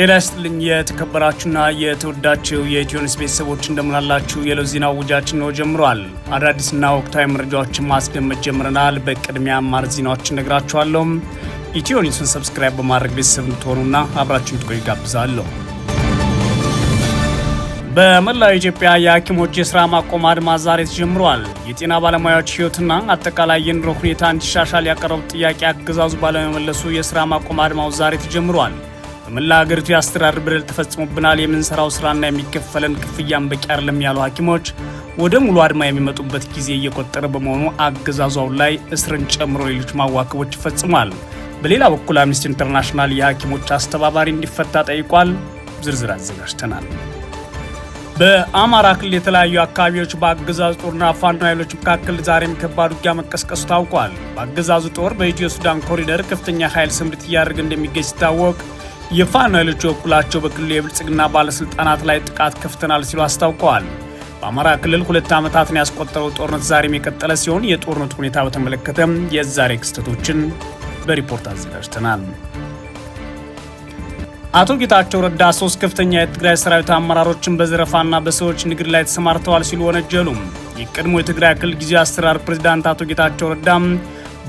ጤና ይስጥልኝ የተከበራችሁና የተወዳችው የኢትዮኒውስ ቤተሰቦች እንደምናላችሁ። የለው ዜና ውጃችን ነው ጀምሯል። አዳዲስና ወቅታዊ መረጃዎችን ማስደመጥ ጀምረናል። በቅድሚያ አማር ዜናዎችን ነግራችኋለሁ። ኢትዮኒውስን ሰብስክራይብ በማድረግ ቤተሰብ እንድትሆኑና አብራችሁን እንድትቆዩ ጋብዛለሁ። በመላው ኢትዮጵያ የሐኪሞች የስራ ማቆም አድማ ዛሬ ተጀምሯል። የጤና ባለሙያዎች ሕይወትና አጠቃላይ የኑሮ ሁኔታ እንዲሻሻል ያቀረቡት ጥያቄ አገዛዙ ባለመመለሱ የስራ ማቆም አድማው ዛሬ ተጀምሯል። ከመላ ሀገሪቱ የአስተዳደር በደል ተፈጽሞብናል፣ የምንሰራው ስራና የሚከፈለን ክፍያን በቂ አይደለም ያሉ ሐኪሞች ወደ ሙሉ አድማ የሚመጡበት ጊዜ እየቆጠረ በመሆኑ አገዛዟን ላይ እስርን ጨምሮ ሌሎች ማዋከቦች ይፈጽሟል። በሌላ በኩል አምነስቲ ኢንተርናሽናል የሐኪሞች አስተባባሪ እንዲፈታ ጠይቋል። ዝርዝር አዘጋጅተናል። በአማራ ክልል የተለያዩ አካባቢዎች በአገዛዙ ጦርና ፋኖ ኃይሎች መካከል ዛሬም ከባድ ውጊያ መቀስቀሱ ታውቋል። በአገዛዙ ጦር በኢትዮ ሱዳን ኮሪደር ከፍተኛ ኃይል ስምሪት እያደረገ እንደሚገኝ ሲታወቅ የፋኖ ኃይሎች በበኩላቸው በክልሉ የብልጽግና ባለስልጣናት ላይ ጥቃት ከፍተናል ሲሉ አስታውቀዋል። በአማራ ክልል ሁለት ዓመታትን ያስቆጠረው ጦርነት ዛሬም የቀጠለ ሲሆን የጦርነቱ ሁኔታ በተመለከተ የዛሬ ክስተቶችን በሪፖርት አዘጋጅተናል። አቶ ጌታቸው ረዳ ሶስት ከፍተኛ የትግራይ ሰራዊት አመራሮችን በዘረፋና በሰዎች ንግድ ላይ ተሰማርተዋል ሲሉ ወነጀሉ። የቀድሞ የትግራይ ክልል ጊዜያዊ አስተዳደር ፕሬዚዳንት አቶ ጌታቸው ረዳ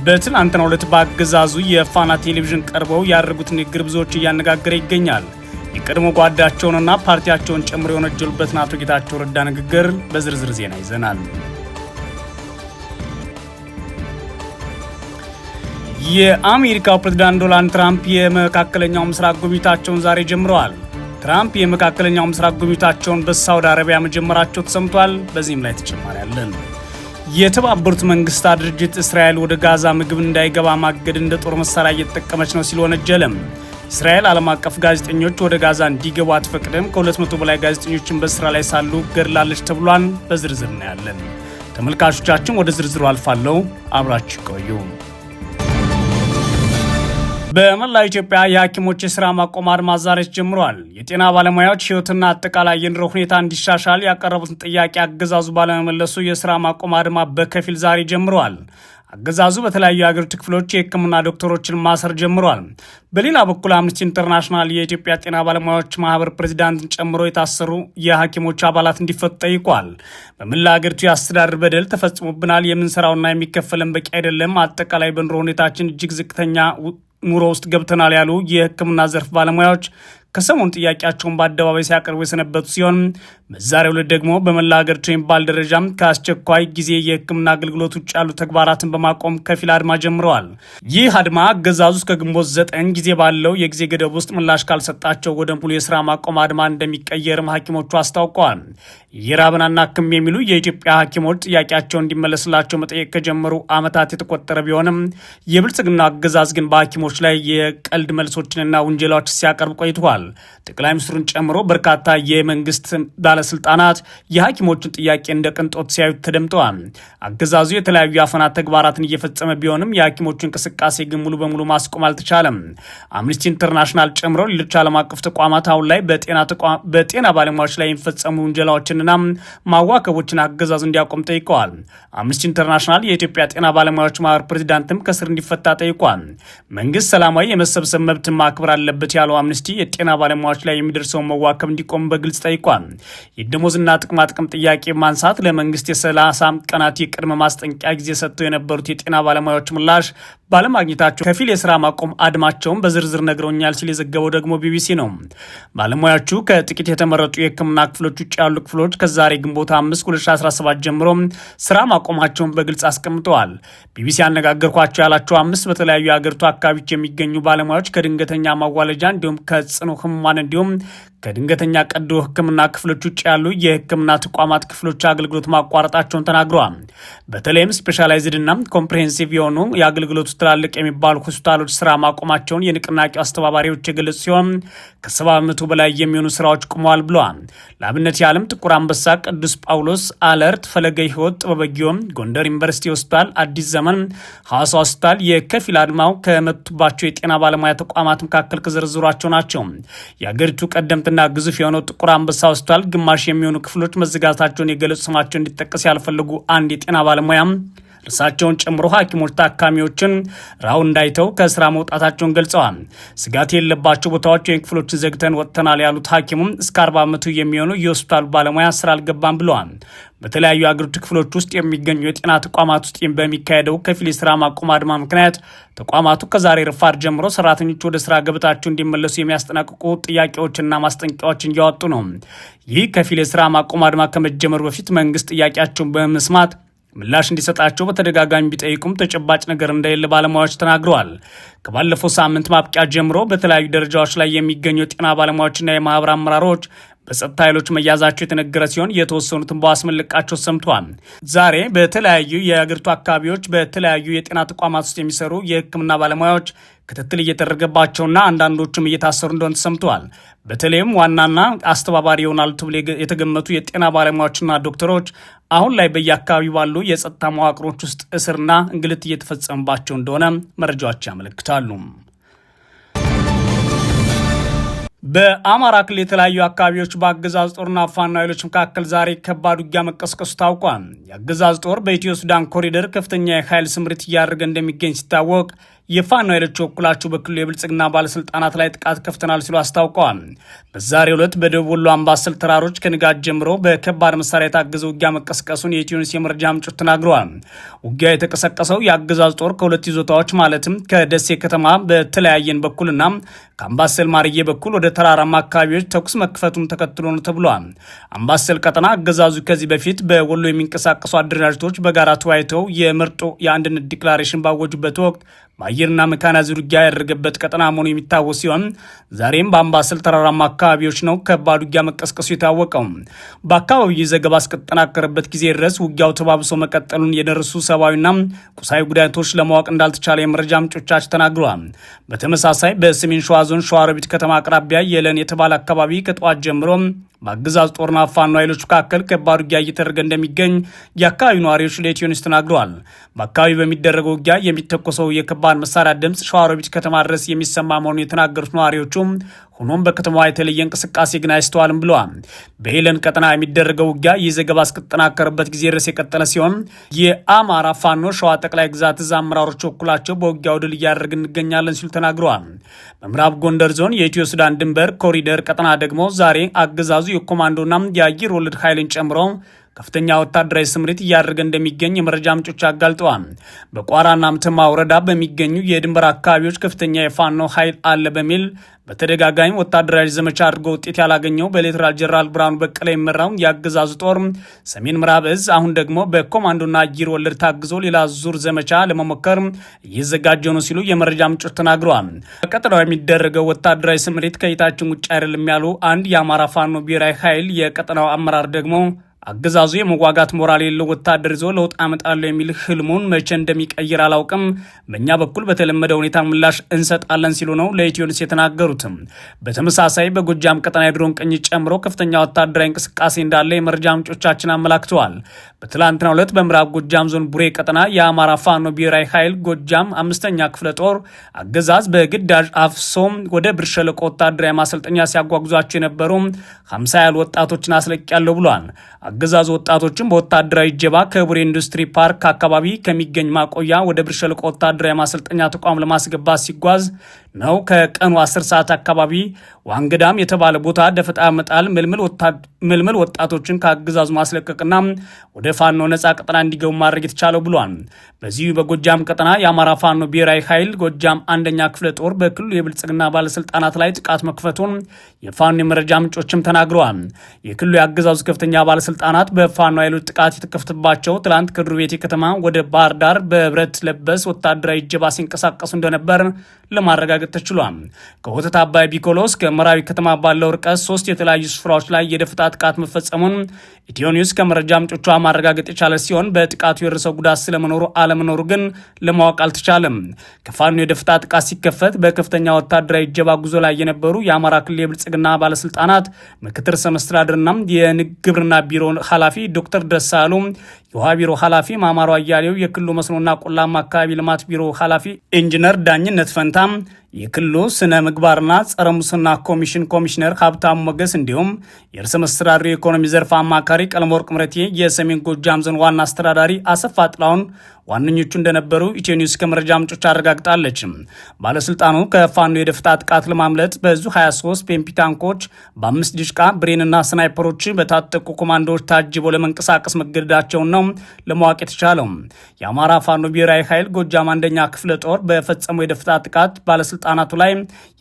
በትናንትናው ዕለት በአገዛዙ የፋና ቴሌቪዥን ቀርበው ያደረጉት ንግግር ብዙዎች እያነጋገረ ይገኛል። የቀድሞ ጓዳቸውንና ፓርቲያቸውን ጨምሮ የወነጀሉበትን አቶ ጌታቸው ረዳ ንግግር በዝርዝር ዜና ይዘናል። የአሜሪካው ፕሬዝዳንት ዶናልድ ትራምፕ የመካከለኛው ምስራቅ ጉብኝታቸውን ዛሬ ጀምረዋል። ትራምፕ የመካከለኛው ምስራቅ ጉብኝታቸውን በሳውዲ አረቢያ መጀመራቸው ተሰምቷል። በዚህም ላይ ተጨማሪ አለን። የተባበሩት መንግስታት ድርጅት እስራኤል ወደ ጋዛ ምግብ እንዳይገባ ማገድ እንደ ጦር መሳሪያ እየተጠቀመች ነው ሲል ወነጀለም። እስራኤል ዓለም አቀፍ ጋዜጠኞች ወደ ጋዛ እንዲገቡ አትፈቅድም፣ ከ200 በላይ ጋዜጠኞችን በስራ ላይ ሳሉ ገድላለች ተብሏን። በዝርዝር እናያለን። ተመልካቾቻችን ወደ ዝርዝሩ አልፋለሁ፣ አብራችሁ ቆዩ። በመላው ኢትዮጵያ የሐኪሞች የስራ ማቆም አድማ ዛሬ ጀምሯል። የጤና ባለሙያዎች ህይወትና አጠቃላይ የኑሮ ሁኔታ እንዲሻሻል ያቀረቡትን ጥያቄ አገዛዙ ባለመመለሱ የስራ ማቆም አድማ በከፊል ዛሬ ጀምሯል። አገዛዙ በተለያዩ የአገሪቱ ክፍሎች የህክምና ዶክተሮችን ማሰር ጀምሯል። በሌላ በኩል አምነስቲ ኢንተርናሽናል የኢትዮጵያ ጤና ባለሙያዎች ማህበር ፕሬዚዳንትን ጨምሮ የታሰሩ የሐኪሞች አባላት እንዲፈቱ ጠይቋል። በመላ አገሪቱ የአስተዳደር በደል ተፈጽሞብናል፣ የምንሰራውና የሚከፈለን በቂ አይደለም፣ አጠቃላይ በኑሮ ሁኔታችን እጅግ ዝቅተኛ ኑሮ ውስጥ ገብተናል ያሉ የህክምና ዘርፍ ባለሙያዎች ከሰሞን ጥያቄያቸውን በአደባባይ ሲያቀርቡ የሰነበቱ ሲሆን በዛሬው ዕለት ደግሞ በመላ ሀገር በሚባል ደረጃም ከአስቸኳይ ጊዜ የሕክምና አገልግሎት ውጭ ያሉ ተግባራትን በማቆም ከፊል አድማ ጀምረዋል። ይህ አድማ አገዛዙ እስከ ግንቦት ዘጠኝ ጊዜ ባለው የጊዜ ገደብ ውስጥ ምላሽ ካልሰጣቸው ወደ ሙሉ የስራ ማቆም አድማ እንደሚቀየርም ሐኪሞቹ አስታውቀዋል። የራብን አናክም የሚሉ የኢትዮጵያ ሐኪሞች ጥያቄያቸው እንዲመለስላቸው መጠየቅ ከጀመሩ ዓመታት የተቆጠረ ቢሆንም የብልጽግና አገዛዝ ግን በሐኪሞች ላይ የቀልድ መልሶችንና ውንጀላዎች ሲያቀርብ ቆይተዋል። ተናግረዋል። ጠቅላይ ሚኒስትሩን ጨምሮ በርካታ የመንግስት ባለስልጣናት የሐኪሞችን ጥያቄ እንደ ቅንጦት ሲያዩት ተደምጠዋል። አገዛዙ የተለያዩ አፈናት ተግባራትን እየፈጸመ ቢሆንም የሐኪሞቹ እንቅስቃሴ ግን ሙሉ በሙሉ ማስቆም አልተቻለም። አምኒስቲ ኢንተርናሽናል ጨምሮ ሌሎች ዓለም አቀፍ ተቋማት አሁን ላይ በጤና ባለሙያዎች ላይ የሚፈጸሙ ውንጀላዎችንና ማዋከቦችን አገዛዙ እንዲያቆም ጠይቀዋል። አምኒስቲ ኢንተርናሽናል የኢትዮጵያ ጤና ባለሙያዎች ማህበር ፕሬዚዳንትም ከስር እንዲፈታ ጠይቋል። መንግስት ሰላማዊ የመሰብሰብ መብትን ማክበር አለበት ያለው አምኒስቲ የጤና ባለሙያዎች ላይ የሚደርሰውን መዋከብ እንዲቆም በግልጽ ጠይቋል። የደሞዝና ጥቅማጥቅም ጥያቄ ማንሳት ለመንግስት የሰላሳ ቀናት የቅድመ ማስጠንቀቂያ ጊዜ ሰጥተው የነበሩት የጤና ባለሙያዎች ምላሽ ባለማግኘታቸው ከፊል የስራ ማቆም አድማቸውን በዝርዝር ነግረውኛል ሲል የዘገበው ደግሞ ቢቢሲ ነው። ባለሙያዎቹ ከጥቂት የተመረጡ የህክምና ክፍሎች ውጭ ያሉ ክፍሎች ከዛሬ ግንቦት 5 2017 ጀምሮ ስራ ማቆማቸውን በግልጽ አስቀምጠዋል። ቢቢሲ ያነጋገርኳቸው ያላቸው አምስት በተለያዩ የአገሪቱ አካባቢዎች የሚገኙ ባለሙያዎች ከድንገተኛ ማዋለጃ እንዲሁም ከጽኑ ህሙማን እንዲሁም ከድንገተኛ ቀዶ ህክምና ክፍሎች ውጭ ያሉ የህክምና ተቋማት ክፍሎች አገልግሎት ማቋረጣቸውን ተናግረዋል። በተለይም ስፔሻላይዝድ እና ኮምፕሬሄንሲቭ የሆኑ የአገልግሎቱ ትላልቅ የሚባሉ ሆስፒታሎች ስራ ማቆማቸውን የንቅናቄው አስተባባሪዎች የገለጹ ሲሆን ከሰባ በመቶ በላይ የሚሆኑ ስራዎች ቁመዋል ብለዋል። ለአብነት የዓለም ጥቁር አንበሳ፣ ቅዱስ ጳውሎስ፣ አለርት፣ ፈለገ ህይወት፣ ጥበበጊዮም፣ ጎንደር ዩኒቨርሲቲ ሆስፒታል፣ አዲስ ዘመን፣ ሐዋሳ ሆስፒታል የከፊል አድማው ከመቱባቸው የጤና ባለሙያ ተቋማት መካከል ከዘረዘሯቸው ናቸው። የአገሪቱ ቀደምት ትልቅና ግዙፍ የሆነው ጥቁር አንበሳ ሆስፒታል ግማሽ የሚሆኑ ክፍሎች መዘጋታቸውን የገለጹ ስማቸው እንዲጠቀስ ያልፈልጉ አንድ የጤና ባለሙያም እርሳቸውን ጨምሮ ሐኪሞች ታካሚዎችን ራው እንዳይተው ከስራ መውጣታቸውን ገልጸዋል። ስጋት የለባቸው ቦታዎች ወይም ክፍሎችን ዘግተን ወጥተናል ያሉት ሐኪሙም እስከ አርባ መቶ የሚሆኑ የሆስፒታሉ ባለሙያ ስራ አልገባም ብለዋል። በተለያዩ የአገሪቱ ክፍሎች ውስጥ የሚገኙ የጤና ተቋማት ውስጥ በሚካሄደው ከፊል የስራ ማቆም አድማ ምክንያት ተቋማቱ ከዛሬ ርፋር ጀምሮ ሰራተኞች ወደ ስራ ገበታቸው እንዲመለሱ የሚያስጠናቅቁ ጥያቄዎችና ማስጠንቀቂያዎችን እያወጡ ነው። ይህ ከፊል የስራ ማቆም አድማ ከመጀመሩ በፊት መንግስት ጥያቄያቸውን በመስማት ምላሽ እንዲሰጣቸው በተደጋጋሚ ቢጠይቁም ተጨባጭ ነገር እንደሌለ ባለሙያዎች ተናግረዋል። ከባለፈው ሳምንት ማብቂያ ጀምሮ በተለያዩ ደረጃዎች ላይ የሚገኙ የጤና ባለሙያዎችና የማህበር አመራሮች በጸጥታ ኃይሎች መያዛቸው የተነገረ ሲሆን የተወሰኑትን በአስመልቃቸው ሰምተዋል ሰምቷል። ዛሬ በተለያዩ የአገሪቱ አካባቢዎች በተለያዩ የጤና ተቋማት ውስጥ የሚሰሩ የሕክምና ባለሙያዎች ክትትል እየተደረገባቸውና አንዳንዶቹም እየታሰሩ እንደሆነ ተሰምተዋል። በተለይም ዋናና አስተባባሪ ይሆናሉ ተብሎ የተገመቱ የጤና ባለሙያዎችና ዶክተሮች አሁን ላይ በየአካባቢው ባሉ የጸጥታ መዋቅሮች ውስጥ እስርና እንግልት እየተፈጸመባቸው እንደሆነ መረጃዎች ያመለክታሉ። በአማራ ክልል የተለያዩ አካባቢዎች በአገዛዝ ጦርና ፋኖ ኃይሎች መካከል ዛሬ ከባድ ውጊያ መቀስቀሱ ታውቋል። የአገዛዝ ጦር በኢትዮ ሱዳን ኮሪደር ከፍተኛ የኃይል ስምሪት እያደረገ እንደሚገኝ ሲታወቅ የፋኖ ኃይሎች በኩላቸው በክልሉ የብልጽግና ባለስልጣናት ላይ ጥቃት ከፍተናል ሲሉ አስታውቀዋል። በዛሬው ዕለት በደቡብ ወሎ አምባሰል ተራሮች ከንጋት ጀምሮ በከባድ መሳሪያ የታገዘ ውጊያ መቀስቀሱን የቲዩኒስ የመረጃ ምንጮች ተናግረዋል። ውጊያ የተቀሰቀሰው የአገዛዝ ጦር ከሁለት ይዞታዎች ማለትም ከደሴ ከተማ በተለያየን በኩልና ከአምባሰል ማርዬ በኩል ወደ ተራራማ አካባቢዎች ተኩስ መክፈቱን ተከትሎ ነው ተብሏል። አምባሰል ቀጠና አገዛዙ ከዚህ በፊት በወሎ የሚንቀሳቀሱ አደረጃጀቶች በጋራ ተወያይተው የመርጦ የአንድነት ዲክላሬሽን ባወጁበት ወቅት አየርና መካናይዝድ ውጊያ ያደረገበት ቀጠና መሆኑ የሚታወስ ሲሆን ዛሬም በአምባሰል ተራራማ አካባቢዎች ነው ከባድ ውጊያ መቀስቀሱ የታወቀው። በአካባቢው ዘገባ እስከተጠናከረበት ጊዜ ድረስ ውጊያው ተባብሶ መቀጠሉን የደረሱ ሰብአዊና ቁሳዊ ጉዳቶች ለማወቅ እንዳልተቻለ የመረጃ ምንጮቻችን ተናግረዋል። በተመሳሳይ በሰሜን ሸዋ ዞን ሸዋሮቢት ከተማ አቅራቢያ የለን የተባለ አካባቢ ከጠዋት ጀምሮ በአገዛዝ ጦርና ፋኖ ኃይሎች መካከል ከባድ ውጊያ እየተደረገ እንደሚገኝ የአካባቢው ነዋሪዎች ለኢትዮኒውስ ተናግረዋል። በአካባቢው በሚደረገው ውጊያ የሚተኮሰው የከባድ መሳሪያ ድምፅ ሸዋሮቢት ከተማ ድረስ የሚሰማ መሆኑን የተናገሩት ነዋሪዎቹም ሆኖም በከተማዋ የተለየ እንቅስቃሴ ግን አይስተዋልም ብለዋል። በሄለን ቀጠና የሚደረገው ውጊያ ይህ ዘገባ እስከተጠናከረበት ጊዜ ድረስ የቀጠለ ሲሆን የአማራ ፋኖ ሸዋ ጠቅላይ ግዛት እዝ አመራሮች በኩላቸው በውጊያው ድል እያደረግ እንገኛለን ሲሉ ተናግረዋል። በምዕራብ ጎንደር ዞን የኢትዮ ሱዳን ድንበር ኮሪደር ቀጠና ደግሞ ዛሬ አገዛዙ የኮማንዶና የአየር ወለድ ኃይልን ጨምሮ ከፍተኛ ወታደራዊ ስምሪት እያደረገ እንደሚገኝ የመረጃ ምንጮች አጋልጠዋል። በቋራና ምተማ ወረዳ በሚገኙ የድንበር አካባቢዎች ከፍተኛ የፋኖ ኃይል አለ በሚል በተደጋጋሚ ወታደራዊ ዘመቻ አድርጎ ውጤት ያላገኘው በሌተናል ጀነራል ብርሃኑ በቀለ የመራውን የአገዛዙ ጦር ሰሜን ምዕራብ እዝ አሁን ደግሞ በኮማንዶና አየር ወለድ ታግዞ ሌላ ዙር ዘመቻ ለመሞከር እየዘጋጀ ነው ሲሉ የመረጃ ምንጮች ተናግረዋል። በቀጠናው የሚደረገው ወታደራዊ ስምሪት ከይታችን ውጭ አይደለም ያሉ አንድ የአማራ ፋኖ ብሔራዊ ኃይል የቀጠናው አመራር ደግሞ አገዛዙ የመዋጋት ሞራል የለው ወታደር ይዞ ለውጥ አመጣለሁ የሚል ህልሙን መቼ እንደሚቀይር አላውቅም። በእኛ በኩል በተለመደ ሁኔታ ምላሽ እንሰጣለን ሲሉ ነው ለኢትዮንስ የተናገሩትም። በተመሳሳይ በጎጃም ቀጠና የድሮን ቅኝት ጨምሮ ከፍተኛ ወታደራዊ እንቅስቃሴ እንዳለ የመረጃ ምንጮቻችን አመላክተዋል። በትላንትናው ዕለት በምዕራብ ጎጃም ዞን ቡሬ ቀጠና የአማራ ፋኖ ብሔራዊ ኃይል ጎጃም አምስተኛ ክፍለ ጦር አገዛዝ በግዳጅ አፍሶም ወደ ብር ሸለቆ ወታደራዊ ማሰልጠኛ ሲያጓጉዟቸው የነበሩ 50 ያህል ወጣቶችን ያለው ብሏል። የአገዛዙ ወጣቶችም በወታደራዊ ጀባ ከቡሬ ኢንዱስትሪ ፓርክ አካባቢ ከሚገኝ ማቆያ ወደ ብርሸልቆ ወታደራዊ ማሰልጠኛ ተቋም ለማስገባት ሲጓዝ ነው ከቀኑ 10 ሰዓት አካባቢ ዋንግዳም የተባለ ቦታ ደፈጣ መጣል ምልምል ወጣቶችን ከአገዛዙ ማስለቀቅና ወደ ፋኖ ነጻ ቀጠና እንዲገቡ ማድረግ የተቻለው ብሏል። በዚሁ በጎጃም ቀጠና የአማራ ፋኖ ብሔራዊ ኃይል ጎጃም አንደኛ ክፍለ ጦር በክልሉ የብልጽግና ባለስልጣናት ላይ ጥቃት መክፈቱን የፋኖ የመረጃ ምንጮችም ተናግረዋል። የክልሉ የአገዛዙ ከፍተኛ ባለስልጣናት በፋኖ ኃይሎች ጥቃት የተከፍትባቸው ትላንት ከድሩ ቤቴ ከተማ ወደ ባህር ዳር በብረት ለበስ ወታደራዊ እጀባ ሲንቀሳቀሱ እንደነበር ለማረጋገጥ ማረጋገጥ ተችሏል። ከወተት አባይ ቢኮሎ እስከ መራዊ ከተማ ባለው ርቀት ሶስት የተለያዩ ስፍራዎች ላይ የደፈጣ ጥቃት መፈጸሙን ኒውስ ከመረጃ ምንጮቿ ማረጋገጥ የቻለ ሲሆን በጥቃቱ የደረሰው ጉዳት ስለመኖሩ አለመኖሩ ግን ለማወቅ አልተቻለም። ከፋኑ የደፈጣ ጥቃት ሲከፈት በከፍተኛ ወታደራዊ እጀባ ጉዞ ላይ የነበሩ የአማራ ክልል የብልጽግና ባለስልጣናት ምክትል ርዕሰ መስተዳድርና የግብርና ቢሮ ኃላፊ ዶክተር ደሳሉ፣ የውሃ ቢሮ ኃላፊ ማማሩ አያሌው፣ የክልሉ መስኖና ቆላማ አካባቢ ልማት ቢሮ ኃላፊ ኢንጂነር ዳኝነት ፈንታም የክልሉ ስነ ምግባርና ጸረ ሙስና ኮሚሽን ኮሚሽነር ሀብታሙ ሞገስ እንዲሁም የእርስ መስተዳድሩ የኢኮኖሚ ዘርፍ አማካሪ ቀለመወርቅ ምረቴ፣ የሰሜን ጎጃም ዞን ዋና አስተዳዳሪ አሰፋ ጥላውን ዋነኞቹ እንደነበሩ ኢትዮ ኒውስ ከመረጃ ምንጮች አረጋግጣለች። ባለስልጣኑ ከፋኖ የደፍታ ጥቃት ለማምለጥ በዙ 23 ፔምፒ ታንኮች፣ በአምስት ዲሽቃ ብሬንና ስናይፐሮች በታጠቁ ኮማንዶዎች ታጅቦ ለመንቀሳቀስ መገደዳቸውን ነው ለማወቅ የተቻለው። የአማራ ፋኖ ብሔራዊ ኃይል ጎጃም አንደኛ ክፍለ ጦር በፈጸመው የደፈጣ ጥቃት ባለስልጣ ባለስልጣናቱ ላይ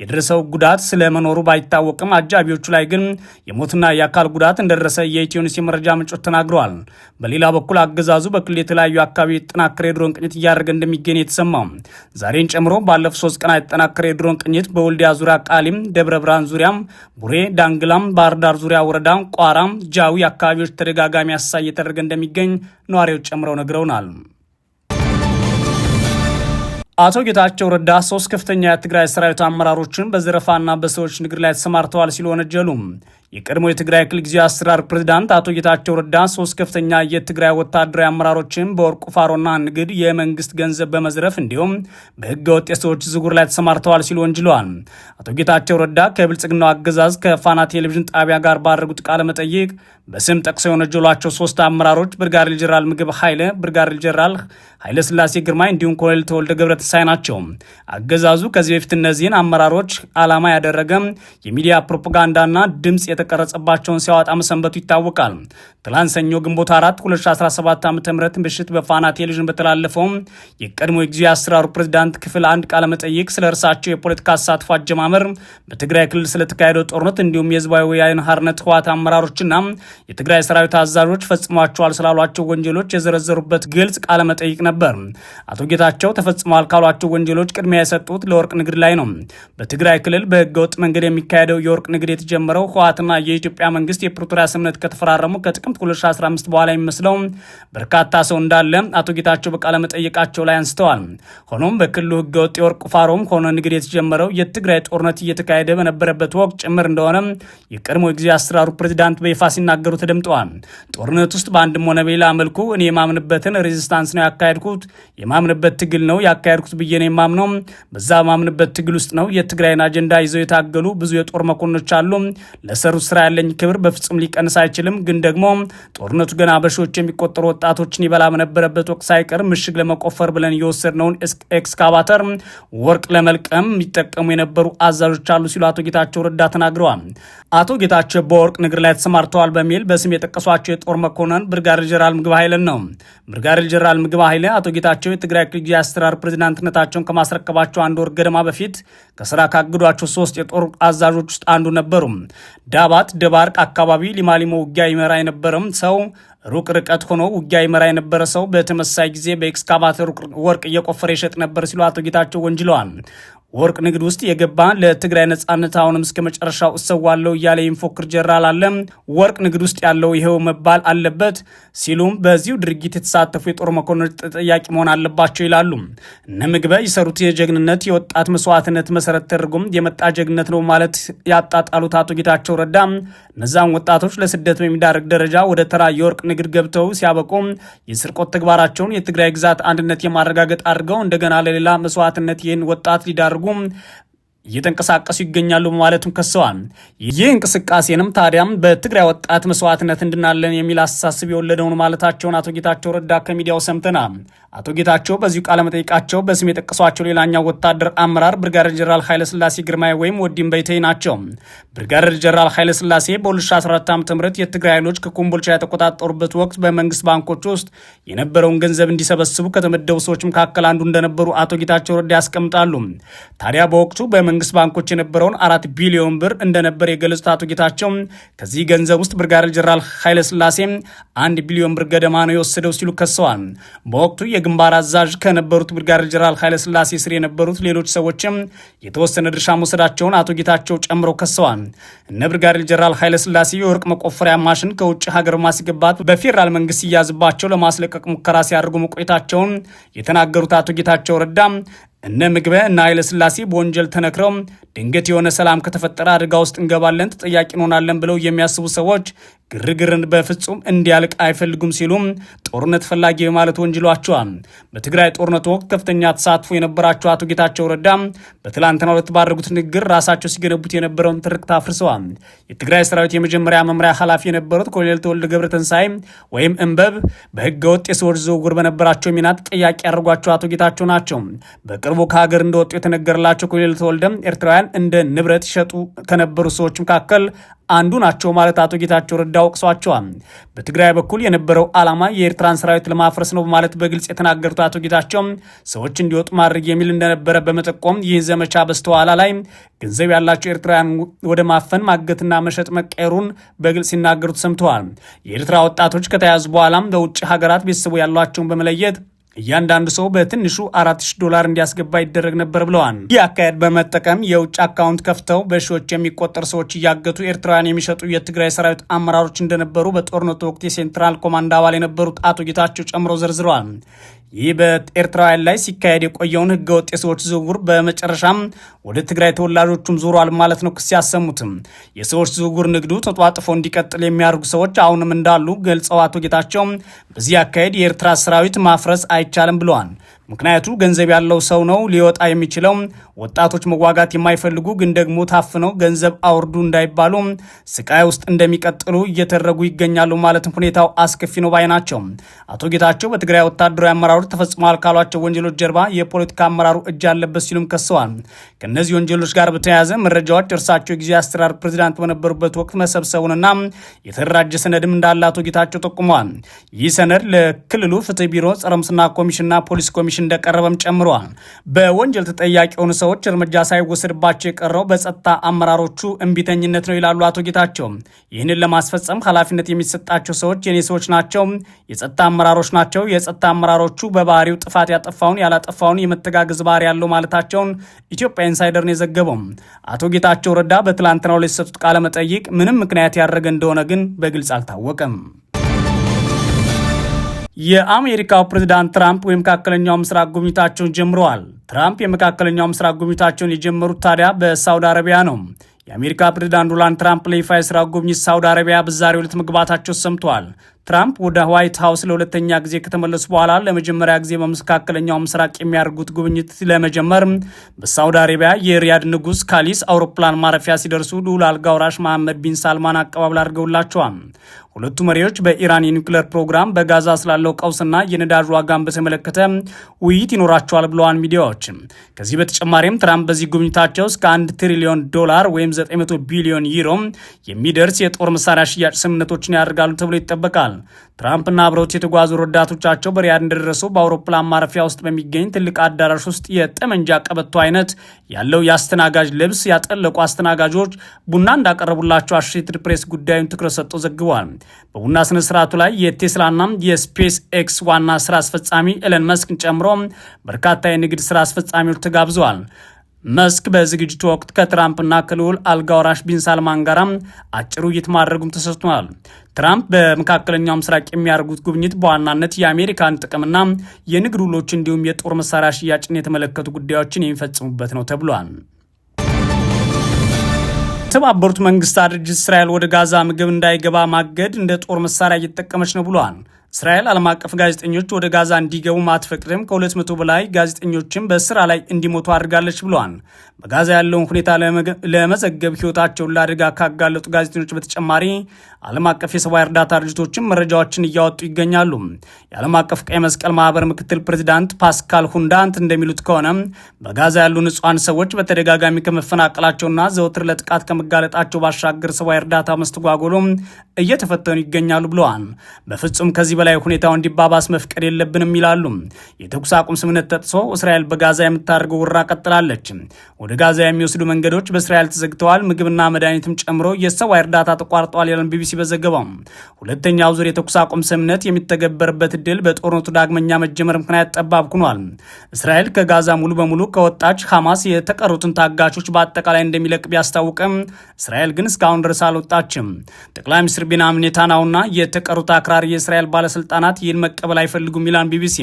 የደረሰው ጉዳት ስለመኖሩ ባይታወቅም አጃቢዎቹ ላይ ግን የሞትና የአካል ጉዳት እንደደረሰ የኢትዮኒስ የመረጃ ምንጮች ተናግረዋል። በሌላ በኩል አገዛዙ በክልል የተለያዩ አካባቢ የተጠናከረ የድሮን ቅኝት እያደረገ እንደሚገኝ የተሰማው ዛሬን ጨምሮ ባለፉት ሶስት ቀናት የተጠናከረ የድሮን ቅኝት በወልዲያ ዙሪያ፣ ቃሊም፣ ደብረ ብርሃን ዙሪያም፣ ቡሬ፣ ዳንግላም፣ ባህርዳር ዙሪያ ወረዳ፣ ቋራም፣ ጃዊ አካባቢዎች ተደጋጋሚ አሳይ እየተደረገ እንደሚገኝ ነዋሪዎች ጨምረው ነግረውናል። አቶ ጌታቸው ረዳ ሶስት ከፍተኛ የትግራይ ሰራዊት አመራሮችን በዘረፋና በሰዎች ንግድ ላይ ተሰማርተዋል ሲሉ ወነጀሉ። የቀድሞ የትግራይ ክልል ጊዜያዊ አስተዳደር ፕሬዚዳንት አቶ ጌታቸው ረዳ ሶስት ከፍተኛ የትግራይ ወታደራዊ አመራሮችን በወርቅ ቁፋሮና ንግድ የመንግስት ገንዘብ በመዝረፍ እንዲሁም በህገ ወጥ የሰዎች ዝውውር ላይ ተሰማርተዋል ሲሉ ወንጅለዋል። አቶ ጌታቸው ረዳ ከብልጽግናው አገዛዝ ከፋና ቴሌቪዥን ጣቢያ ጋር ባደረጉት ቃለ መጠይቅ በስም ጠቅሰው የወነጀሏቸው ሶስት አመራሮች ብርጋዴር ጄኔራል ምግብ ኃይለ፣ ብርጋዴር ጄኔራል ኃይለስላሴ ግርማይ እንዲሁም ኮሎኔል ተወልደ ገብረትንሳኤ ናቸው። አገዛዙ ከዚህ በፊት እነዚህን አመራሮች ዓላማ ያደረገ የሚዲያ ፕሮፓጋንዳና ድምፅ የተቀረጸባቸውን ሲያወጣ መሰንበቱ ይታወቃል። ትላንት ሰኞ ግንቦት 4 2017 ዓ ም ምሽት በፋና ቴሌቪዥን በተላለፈው የቀድሞ የጊዜ አሰራሩ ፕሬዚዳንት ክፍል አንድ ቃለመጠይቅ ስለ እርሳቸው የፖለቲካ አሳትፎ አጀማመር፣ በትግራይ ክልል ስለተካሄደው ጦርነት እንዲሁም የህዝባዊ ወያነ ሓርነት ህወሓት አመራሮችና የትግራይ ሰራዊት አዛዦች ፈጽሟቸዋል ስላሏቸው ወንጀሎች የዘረዘሩበት ግልጽ ቃለመጠይቅ ነበር። አቶ ጌታቸው ተፈጽመዋል ካሏቸው ወንጀሎች ቅድሚያ የሰጡት ለወርቅ ንግድ ላይ ነው። በትግራይ ክልል በህገወጥ መንገድ የሚካሄደው የወርቅ ንግድ የተጀመረው ህወሓትና ሀገሪቱና የኢትዮጵያ መንግስት የፕሪቶሪያ ስምምነት ከተፈራረሙ ከጥቅምት 2015 በኋላ የሚመስለው በርካታ ሰው እንዳለ አቶ ጌታቸው በቃለመጠይቃቸው ላይ አንስተዋል። ሆኖም በክልሉ ህገወጥ የወርቅ ቁፋሮም ሆነ ንግድ የተጀመረው የትግራይ ጦርነት እየተካሄደ በነበረበት ወቅት ጭምር እንደሆነ የቀድሞ ጊዜ አሰራሩ ፕሬዚዳንት በይፋ ሲናገሩ ተደምጠዋል። ጦርነት ውስጥ በአንድም ሆነ በሌላ መልኩ እኔ የማምንበትን ሬዚስታንስ ነው ያካሄድኩት፣ የማምንበት ትግል ነው ያካሄድኩት ብዬ ነው የማምነው። በዛ ማምንበት ትግል ውስጥ ነው የትግራይን አጀንዳ ይዘው የታገሉ ብዙ የጦር መኮንኖች አሉ። ለሰሩ ለመንግስት ስራ ያለኝ ክብር በፍጹም ሊቀንስ አይችልም። ግን ደግሞ ጦርነቱ ገና በሺዎች የሚቆጠሩ ወጣቶችን ይበላ በነበረበት ወቅት ሳይቀር ምሽግ ለመቆፈር ብለን የወሰድነውን ኤክስካቫተር ወርቅ ለመልቀም የሚጠቀሙ የነበሩ አዛዦች አሉ ሲሉ አቶ ጌታቸው ረዳ ተናግረዋል። አቶ ጌታቸው በወርቅ ንግድ ላይ ተሰማርተዋል በሚል በስም የጠቀሷቸው የጦር መኮንን ብርጋዴር ጀነራል ምግብ ኃይልን ነው። ብርጋዴር ጀነራል ምግብ ኃይል አቶ ጌታቸው የትግራይ ክልል ጊዜያዊ አስተዳደር ፕሬዚዳንትነታቸውን ከማስረከባቸው አንድ ወር ገደማ በፊት ከስራ ካግዷቸው ሶስት የጦር አዛዦች ውስጥ አንዱ ነበሩ። ዳባት ደባርቅ አካባቢ ሊማሊሞ ውጊያ ይመራ የነበረም ሰው ሩቅ ርቀት ሆኖ ውጊያ ይመራ የነበረ ሰው በተመሳሳይ ጊዜ በኤክስካቫተር ወርቅ እየቆፈረ ይሸጥ ነበር ሲሉ አቶ ጌታቸው ወንጅለዋል። ወርቅ ንግድ ውስጥ የገባ ለትግራይ ነጻነት አሁንም እስከ መጨረሻው እሰዋለው እያለ የሚፎክር ጀራል አለም ወርቅ ንግድ ውስጥ ያለው ይኸው መባል አለበት ሲሉም በዚሁ ድርጊት የተሳተፉ የጦር መኮንኖች ተጠያቂ መሆን አለባቸው ይላሉ። እነ ምግበ የሰሩት የጀግንነት የወጣት መስዋዕትነት መሰረት ተደርጎም የመጣ ጀግንነት ነው ማለት ያጣጣሉት አቶ ጌታቸው ረዳ እነዛም ወጣቶች ለስደት በሚዳርግ ደረጃ ወደ ተራ የወርቅ ንግድ ገብተው ሲያበቁ የስርቆት ተግባራቸውን የትግራይ ግዛት አንድነት የማረጋገጥ አድርገው እንደገና ለሌላ መስዋዕትነት ይህን ወጣት ሊዳርጉ algum እየተንቀሳቀሱ ይገኛሉ በማለትም ከሰዋል። ይህ እንቅስቃሴንም ታዲያም በትግራይ ወጣት መስዋዕትነት እንድናለን የሚል አስተሳሰብ የወለደውን ማለታቸውን አቶ ጌታቸው ረዳ ከሚዲያው ሰምተናል። አቶ ጌታቸው በዚሁ መጠይቃቸው በስም የጠቀሷቸው ሌላኛው ወታደር አመራር ብርጋደር ጀነራል ኃይለስላሴ ግርማይ ወይም ወዲም በይተይ ናቸው። ብርጋደር ጀነራል ስላሴ በ2014 ዓ ም የትግራይ ኃይሎች ከኮምቦልቻ የተቆጣጠሩበት ወቅት በመንግስት ባንኮች ውስጥ የነበረውን ገንዘብ እንዲሰበስቡ ከተመደቡ ሰዎች መካከል አንዱ እንደነበሩ አቶ ጌታቸው ረዳ ያስቀምጣሉ። ታዲያ በወቅቱ በመንግስት ባንኮች የነበረውን አራት ቢሊዮን ብር እንደነበር የገለጹት አቶ ጌታቸው ከዚህ ገንዘብ ውስጥ ብርጋዴር ጀነራል ኃይለስላሴ አንድ ቢሊዮን ብር ገደማ ነው የወሰደው ሲሉ ከሰዋል። በወቅቱ የግንባር አዛዥ ከነበሩት ብርጋዴር ጀነራል ኃይለስላሴ ስር የነበሩት ሌሎች ሰዎችም የተወሰነ ድርሻ መውሰዳቸውን አቶ ጌታቸው ጨምረው ከሰዋል። እነ ብርጋዴር ጀነራል ኃይለስላሴ የወርቅ መቆፈሪያ ማሽን ከውጭ ሀገር ማስገባት በፌዴራል መንግስት ሲያዝባቸው ለማስለቀቅ ሙከራ ሲያደርጉ መቆየታቸውን የተናገሩት አቶ ጌታቸው ረዳ እነ ምግበ እና ኃይለስላሴ በወንጀል ተነክረው ድንገት የሆነ ሰላም ከተፈጠረ አደጋ ውስጥ እንገባለን፣ ተጠያቂ እንሆናለን ብለው የሚያስቡ ሰዎች ግርግርን በፍጹም እንዲያልቅ አይፈልጉም ሲሉም ጦርነት ፈላጊ በማለት ወንጅሏቸዋል። በትግራይ ጦርነት ወቅት ከፍተኛ ተሳትፎ የነበራቸው አቶ ጌታቸው ረዳ በትላንትና ዕለት ባደረጉት ንግግር ራሳቸው ሲገነቡት የነበረውን ትርክት አፍርሰዋል። የትግራይ ሰራዊት የመጀመሪያ መምሪያ ኃላፊ የነበሩት ኮሎኔል ተወልደ ገብረ ተንሳይ ወይም እንበብ በህገ ወጥ የሰዎች ዝውውር በነበራቸው ሚና ተጠያቂ ያደርጓቸው አቶ ጌታቸው ናቸው። በቅርቡ ከሀገር እንደወጡ የተነገርላቸው ኮሎኔል ተወልደም ኤርትራውያን እንደ ንብረት ይሸጡ ከነበሩ ሰዎች መካከል አንዱ ናቸው ማለት አቶ ጌታቸው ረዳ ወቅሰዋቸዋል። በትግራይ በኩል የነበረው ዓላማ የኤርትራን ሰራዊት ለማፍረስ ነው በማለት በግልጽ የተናገሩት አቶ ጌታቸው ሰዎች እንዲወጡ ማድረግ የሚል እንደነበረ በመጠቆም ይህ ዘመቻ በስተኋላ ላይ ገንዘብ ያላቸው ኤርትራውያን ወደ ማፈን ማገትና መሸጥ መቀየሩን በግልጽ ሲናገሩት ሰምተዋል። የኤርትራ ወጣቶች ከተያዙ በኋላም በውጭ ሀገራት ቤተሰቡ ያሏቸውን በመለየት እያንዳንዱ ሰው በትንሹ 4000 ዶላር እንዲያስገባ ይደረግ ነበር ብለዋል። ይህ አካሄድ በመጠቀም የውጭ አካውንት ከፍተው በሺዎች የሚቆጠር ሰዎች እያገቱ ኤርትራውያን የሚሸጡ የትግራይ ሰራዊት አመራሮች እንደነበሩ በጦርነቱ ወቅት የሴንትራል ኮማንድ አባል የነበሩት አቶ ጌታቸው ጨምሮ ዘርዝረዋል። ይህ በኤርትራውያን ላይ ሲካሄድ የቆየውን ህገወጥ የሰዎች ዝውውር በመጨረሻም ወደ ትግራይ ተወላጆቹም ዞሯል ማለት ነው። ክስ ያሰሙትም የሰዎች ዝውውር ንግዱ ተጧጥፎ እንዲቀጥል የሚያደርጉ ሰዎች አሁንም እንዳሉ ገልጸው አቶ ጌታቸው በዚህ አካሄድ የኤርትራ ሰራዊት ማፍረስ አይቻልም ብለዋል። ምክንያቱ ገንዘብ ያለው ሰው ነው ሊወጣ የሚችለው። ወጣቶች መዋጋት የማይፈልጉ ግን ደግሞ ታፍነው ገንዘብ አውርዱ እንዳይባሉ ስቃይ ውስጥ እንደሚቀጥሉ እየተደረጉ ይገኛሉ። ማለትም ሁኔታው አስከፊ ነው ባይ ናቸው። አቶ ጌታቸው በትግራይ ወታደራዊ አመራሮች ተፈጽመዋል ካሏቸው ወንጀሎች ጀርባ የፖለቲካ አመራሩ እጅ አለበት ሲሉም ከሰዋል። ከእነዚህ ወንጀሎች ጋር በተያያዘ መረጃዎች እርሳቸው ጊዜ አስተዳደር ፕሬዚዳንት በነበሩበት ወቅት መሰብሰቡንና የተደራጀ ሰነድም እንዳለ አቶ ጌታቸው ጠቁመዋል። ይህ ሰነድ ለክልሉ ፍትህ ቢሮ፣ ጸረ ሙስና ኮሚሽንና ፖሊስ ኮሚሽን ኮሚሽን እንደቀረበም ጨምረዋል። በወንጀል ተጠያቂ የሆኑ ሰዎች እርምጃ ሳይወሰድባቸው የቀረው በጸጥታ አመራሮቹ እምቢተኝነት ነው ይላሉ አቶ ጌታቸው። ይህንን ለማስፈጸም ኃላፊነት የሚሰጣቸው ሰዎች የኔ ሰዎች ናቸው፣ የጸጥታ አመራሮች ናቸው። የጸጥታ አመራሮቹ በባህሪው ጥፋት ያጠፋውን ያላጠፋውን የመተጋገዝ ባህሪ ያለው ማለታቸውን ኢትዮጵያ ኢንሳይደር ነው የዘገበው። አቶ ጌታቸው ረዳ በትላንትናው ላይ የሰጡት ቃለመጠይቅ ምንም ምክንያት ያደረገ እንደሆነ ግን በግልጽ አልታወቀም። የአሜሪካው ፕሬዚዳንት ትራምፕ የመካከለኛው ምስራቅ ጉብኝታቸውን ጀምረዋል። ትራምፕ የመካከለኛው ምስራቅ ጉብኝታቸውን የጀመሩት ታዲያ በሳውዲ አረቢያ ነው። የአሜሪካ ፕሬዚዳንት ዶናልድ ትራምፕ ለይፋ የስራ ጉብኝት ሳውዲ አረቢያ በዛሬው ዕለት መግባታቸው ሰምተዋል። ትራምፕ ወደ ዋይት ሀውስ ለሁለተኛ ጊዜ ከተመለሱ በኋላ ለመጀመሪያ ጊዜ በመካከለኛው ምስራቅ የሚያደርጉት ጉብኝት ለመጀመር በሳውዲ አረቢያ የሪያድ ንጉስ ካሊስ አውሮፕላን ማረፊያ ሲደርሱ ልዑል አልጋ ወራሽ መሐመድ ቢን ሳልማን አቀባበል አድርገውላቸዋል። ሁለቱ መሪዎች በኢራን የኒውክሌር ፕሮግራም፣ በጋዛ ስላለው ቀውስና የነዳጅ ዋጋን በተመለከተ ውይይት ይኖራቸዋል ብለዋል ሚዲያዎች። ከዚህ በተጨማሪም ትራምፕ በዚህ ጉብኝታቸው እስከ 1 ትሪሊዮን ዶላር ወይም 900 ቢሊዮን ዩሮ የሚደርስ የጦር መሳሪያ ሽያጭ ስምምነቶችን ያደርጋሉ ተብሎ ይጠበቃል። ተናግረዋል። ትራምፕና አብረውት የተጓዙ ረዳቶቻቸው በሪያድ እንደደረሱ በአውሮፕላን ማረፊያ ውስጥ በሚገኝ ትልቅ አዳራሽ ውስጥ የጠመንጃ ቀበቶ አይነት ያለው የአስተናጋጅ ልብስ ያጠለቁ አስተናጋጆች ቡና እንዳቀረቡላቸው አሶሼትድ ፕሬስ ጉዳዩን ትኩረት ሰጥቶ ዘግቧል። በቡና ስነስርዓቱ ላይ የቴስላና የስፔስ ኤክስ ዋና ስራ አስፈጻሚ ኤለን መስክን ጨምሮ በርካታ የንግድ ስራ አስፈጻሚዎች ተጋብዘዋል። መስክ በዝግጅቱ ወቅት ከትራምፕና ከልዑል አልጋ ወራሽ ቢን ሳልማን ጋራም አጭር ውይይት ማድረጉም ተሰጥቷል። ትራምፕ በመካከለኛው ምስራቅ የሚያደርጉት ጉብኝት በዋናነት የአሜሪካን ጥቅምና የንግድ ውሎች እንዲሁም የጦር መሳሪያ ሽያጭን የተመለከቱ ጉዳዮችን የሚፈጽሙበት ነው ተብሏል። የተባበሩት መንግስታት ድርጅት እስራኤል ወደ ጋዛ ምግብ እንዳይገባ ማገድ እንደ ጦር መሳሪያ እየተጠቀመች ነው ብሏል። እስራኤል ዓለም አቀፍ ጋዜጠኞች ወደ ጋዛ እንዲገቡ ማትፈቅድም ከ መቶ በላይ ጋዜጠኞችን በስራ ላይ እንዲሞቱ አድርጋለች ብሏል። በጋዛ ያለውን ሁኔታ ለመዘገብ ህይወታቸውን ለአደጋ ካጋለጡ ጋዜጠኞች በተጨማሪ ዓለም አቀፍ የሰብአዊ እርዳታ ድርጅቶችም መረጃዎችን እያወጡ ይገኛሉ። የዓለም አቀፍ ቀይ መስቀል ማህበር ምክትል ፕሬዚዳንት ፓስካል ሁንዳንት እንደሚሉት ከሆነ በጋዛ ያሉ ንጹሐን ሰዎች በተደጋጋሚ ከመፈናቀላቸውና ዘወትር ለጥቃት ከመጋለጣቸው ባሻገር ሰብአዊ እርዳታ መስተጓጎሉ እየተፈተኑ ይገኛሉ ብለዋል። በፍጹም ከዚህ በላይ ሁኔታው እንዲባባስ መፍቀድ የለብንም ይላሉ። የተኩስ አቁም ስምነት ተጥሶ እስራኤል በጋዛ የምታደርገው ውራ ቀጥላለች። ወደ ጋዛ የሚወስዱ መንገዶች በእስራኤል ተዘግተዋል። ምግብና መድኃኒትም ጨምሮ የሰብአዊ እርዳታ ተቋርጠዋል ያለን ቢቢሲ ቢቢሲ በዘገባው። ሁለተኛው ዙር የተኩስ አቁም ስምምነት የሚተገበርበት እድል በጦርነቱ ዳግመኛ መጀመር ምክንያት ጠባብ ሆኗል። እስራኤል ከጋዛ ሙሉ በሙሉ ከወጣች ሐማስ የተቀሩትን ታጋቾች በአጠቃላይ እንደሚለቅ ቢያስታውቅም እስራኤል ግን እስካሁን ድረስ አልወጣችም። ጠቅላይ ሚኒስትር ቤንያሚን ኔታንያሁና የተቀሩት አክራሪ የእስራኤል ባለስልጣናት ይህን መቀበል አይፈልጉም ይላል ቢቢሲ።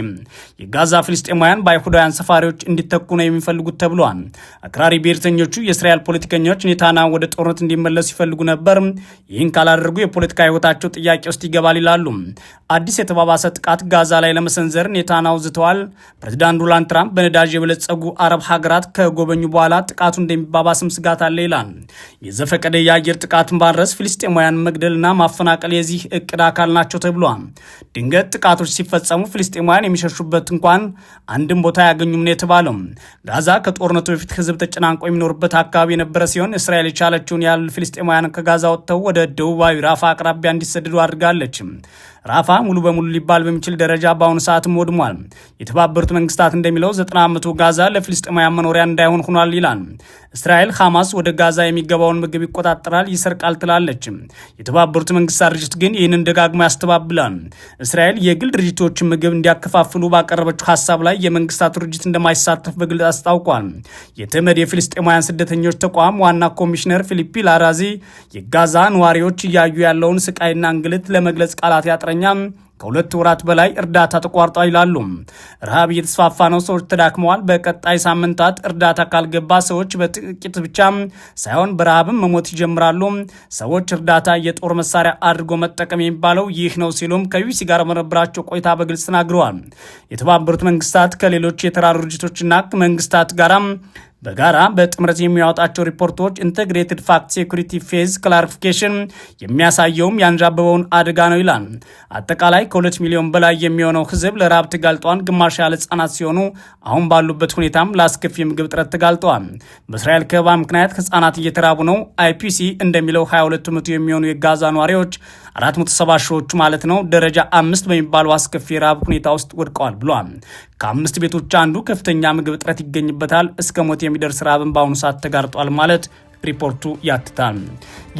የጋዛ ፍልስጤማውያን በአይሁዳውያን ሰፋሪዎች እንዲተኩ ነው የሚፈልጉት ተብሏል። አክራሪ ብሔርተኞቹ የእስራኤል ፖለቲከኞች ኔታንያሁ ወደ ጦርነት እንዲመለሱ ይፈልጉ ነበር። ይህን ካላደርጉ የፖለቲካ ህይወታቸው ጥያቄ ውስጥ ይገባል ይላሉ። አዲስ የተባባሰ ጥቃት ጋዛ ላይ ለመሰንዘር ኔታን አውዝተዋል። ፕሬዚዳንት ዶናልድ ትራምፕ በነዳጅ የበለጸጉ አረብ ሀገራት ከጎበኙ በኋላ ጥቃቱ እንደሚባባስም ስጋት አለ ይላል። የዘፈቀደ የአየር ጥቃትን ማድረስ፣ ፊልስጤማውያን መግደልና ማፈናቀል የዚህ እቅድ አካል ናቸው ተብሏል። ድንገት ጥቃቶች ሲፈጸሙ ፊልስጤማውያን የሚሸሹበት እንኳን አንድም ቦታ አያገኙም ነው የተባለው። ጋዛ ከጦርነቱ በፊት ህዝብ ተጨናንቆ የሚኖርበት አካባቢ የነበረ ሲሆን እስራኤል የቻለችውን ያህል ፊልስጤማውያን ከጋዛ ወጥተው ወደ ደቡባዊ ራፋ አቅራቢያ እንዲሰደዱ አድርጋለች። ራፋ ሙሉ በሙሉ ሊባል በሚችል ደረጃ በአሁኑ ሰዓትም ወድሟል። የተባበሩት መንግስታት እንደሚለው ዘጠና አመቱ ጋዛ ለፍልስጤማውያን መኖሪያ እንዳይሆን ሆኗል ይላል። እስራኤል ሐማስ ወደ ጋዛ የሚገባውን ምግብ ይቆጣጠራል፣ ይሰርቃል ትላለች። የተባበሩት መንግስታት ድርጅት ግን ይህንን ደጋግሞ ያስተባብላል። እስራኤል የግል ድርጅቶችን ምግብ እንዲያከፋፍሉ ባቀረበችው ሀሳብ ላይ የመንግስታቱ ድርጅት እንደማይሳተፍ በግልጽ አስታውቋል። የተመድ የፊልስጤማውያን ስደተኞች ተቋም ዋና ኮሚሽነር ፊሊፒ ላራዚ የጋዛ ነዋሪዎች እያዩ ያለውን ስቃይና እንግልት ለመግለጽ ቃላት ያጥረኛል ከሁለት ወራት በላይ እርዳታ ተቋርጧ ይላሉ። ረሃብ እየተስፋፋ ነው። ሰዎች ተዳክመዋል። በቀጣይ ሳምንታት እርዳታ ካልገባ ሰዎች በጥቂት ብቻ ሳይሆን በረሃብም መሞት ይጀምራሉ። ሰዎች እርዳታ የጦር መሳሪያ አድርጎ መጠቀም የሚባለው ይህ ነው ሲሉም ከዩሲ ጋር በነበራቸው ቆይታ በግልጽ ተናግረዋል። የተባበሩት መንግስታት ከሌሎች የተራሩ ድርጅቶችና መንግስታት ጋራም በጋራ በጥምረት የሚያወጣቸው ሪፖርቶች ኢንተግሬትድ ፋክት ሴኩሪቲ ፌዝ ክላሪፊኬሽን የሚያሳየውም ያንዣበበውን አደጋ ነው ይላል። አጠቃላይ ከሁለት ሚሊዮን በላይ የሚሆነው ህዝብ ለረሃብ ተጋልጧል። ግማሽ ያለ ህጻናት ሲሆኑ አሁን ባሉበት ሁኔታም ለአስከፊ ምግብ እጥረት ተጋልጠዋል። በእስራኤል ከበባ ምክንያት ህጻናት እየተራቡ ነው። አይፒሲ እንደሚለው 22 በመቶ የሚሆኑ የጋዛ ነዋሪዎች አራት መቶ ሰባ ሺዎቹ ማለት ነው ደረጃ አምስት በሚባለው አስከፊ የረሃብ ሁኔታ ውስጥ ወድቀዋል ብሏል። ከአምስት ቤቶች አንዱ ከፍተኛ ምግብ እጥረት ይገኝበታል። እስከ ሞት የሚደርስ ረሃብን በአሁኑ ሰዓት ተጋርጧል ማለት ሪፖርቱ ያትታል።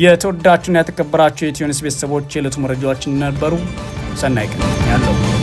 የተወዳችሁና የተከበራችሁ የኢትዮኒውስ ቤተሰቦች የዕለቱ መረጃዎችን ነበሩ። ሰናይ ቀን ያለው